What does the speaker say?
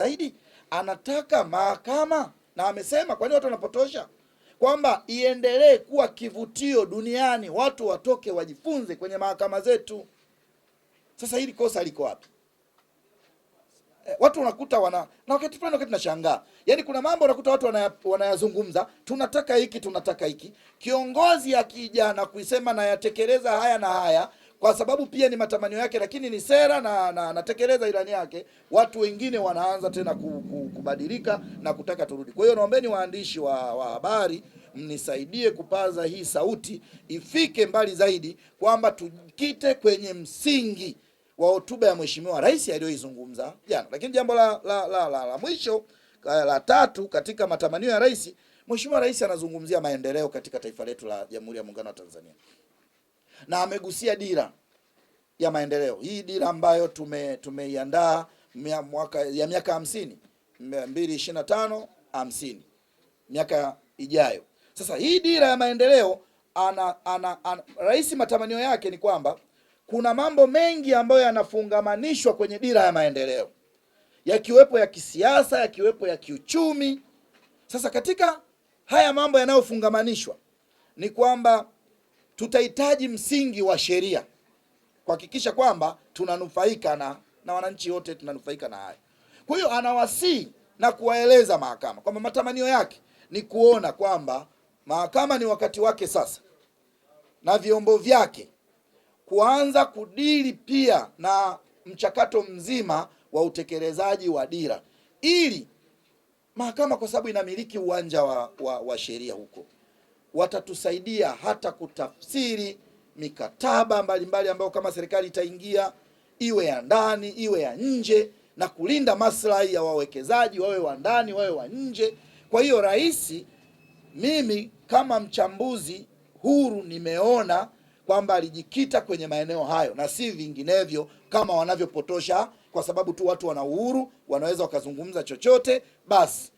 zaidi anataka mahakama, na amesema, kwani watu wanapotosha kwamba iendelee kuwa kivutio duniani, watu watoke wajifunze kwenye mahakama zetu. Sasa hili kosa liko wapi? E, watu unakuta wana na wakati fulani, wakati tunashangaa, yani kuna mambo unakuta watu wanayazungumza, tunataka hiki, tunataka hiki, kiongozi akija na kuisema nayatekeleza haya na haya kwa sababu pia ni matamanio yake, lakini ni sera na anatekeleza na ilani yake. Watu wengine wanaanza tena kubadilika na kutaka turudi. Kwa hiyo naombeni waandishi wa, wa habari mnisaidie kupaza hii sauti ifike mbali zaidi, kwamba tujikite kwenye msingi wa hotuba ya Mheshimiwa Rais aliyoizungumza jana. Lakini jambo la, la, la, la, la mwisho la tatu katika matamanio ya rais, Mheshimiwa Rais anazungumzia maendeleo katika taifa letu la Jamhuri ya Muungano wa Tanzania na amegusia dira ya maendeleo hii dira ambayo tume tumeiandaa mwaka ya miaka hamsini mbili ishirini na tano hamsini miaka ijayo. Sasa hii dira ya maendeleo ana, ana, ana, rais matamanio yake ni kwamba kuna mambo mengi ambayo yanafungamanishwa kwenye dira ya maendeleo yakiwepo ya kisiasa, yakiwepo ya kiuchumi. Sasa katika haya mambo yanayofungamanishwa ni kwamba tutahitaji msingi wa sheria kuhakikisha kwamba tunanufaika na, na wananchi wote tunanufaika na haya. Kwa hiyo anawasii na kuwaeleza mahakama kwamba matamanio yake ni kuona kwamba mahakama ni wakati wake sasa na vyombo vyake kuanza kudili pia na mchakato mzima wa utekelezaji wa dira, ili mahakama kwa sababu inamiliki uwanja wa, wa, wa sheria huko watatusaidia hata kutafsiri mikataba mbalimbali ambayo kama serikali itaingia iwe ya ndani iwe ya nje, na kulinda maslahi ya wawekezaji wawe wa ndani wawe wa nje. Kwa hiyo rais, mimi kama mchambuzi huru, nimeona kwamba alijikita kwenye maeneo hayo na si vinginevyo kama wanavyopotosha, kwa sababu tu watu wana uhuru, wanaweza wakazungumza chochote basi